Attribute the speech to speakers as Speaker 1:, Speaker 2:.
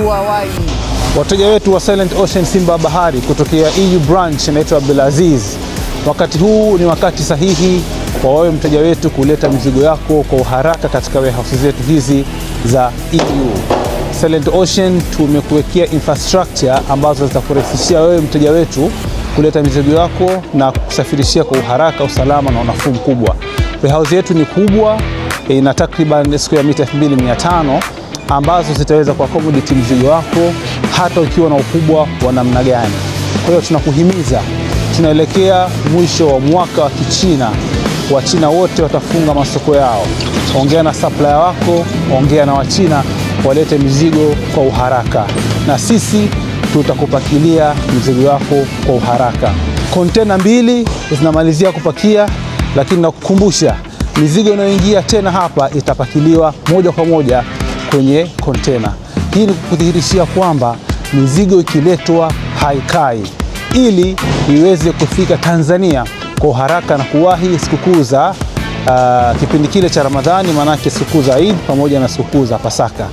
Speaker 1: Huawei. Wateja wetu wa Silent Ocean Simba Bahari kutokea EU branch inaitwa Abdulaziz, wakati huu ni wakati sahihi kwa wewe mteja wetu kuleta mizigo yako kwa uharaka katika warehouse zetu hizi za EU. Silent Ocean tumekuwekea infrastructure ambazo zitakurahisishia wewe mteja wetu kuleta mizigo yako na kusafirishia kwa uharaka, usalama na unafuu mkubwa. Warehouse yetu ni kubwa, ina takriban square mita 2500 ambazo zitaweza kuaccommodate mzigo wako hata ukiwa na ukubwa wa namna gani. Kwa hiyo tunakuhimiza, tunaelekea mwisho wa mwaka wa Kichina, Wachina wote watafunga masoko yao. Ongea na supplier wako, ongea na Wachina walete mizigo kwa uharaka, na sisi tutakupakilia mzigo wako kwa uharaka. Kontena mbili zinamalizia kupakia, lakini nakukumbusha mizigo inayoingia tena hapa itapakiliwa moja kwa moja kwenye kontena. Hii ni kudhihirishia kwamba mizigo ikiletwa haikai, ili iweze kufika Tanzania kwa uharaka na kuwahi sikukuu za uh, kipindi kile cha Ramadhani, maanake sikukuu za Eid pamoja na sikukuu za Pasaka.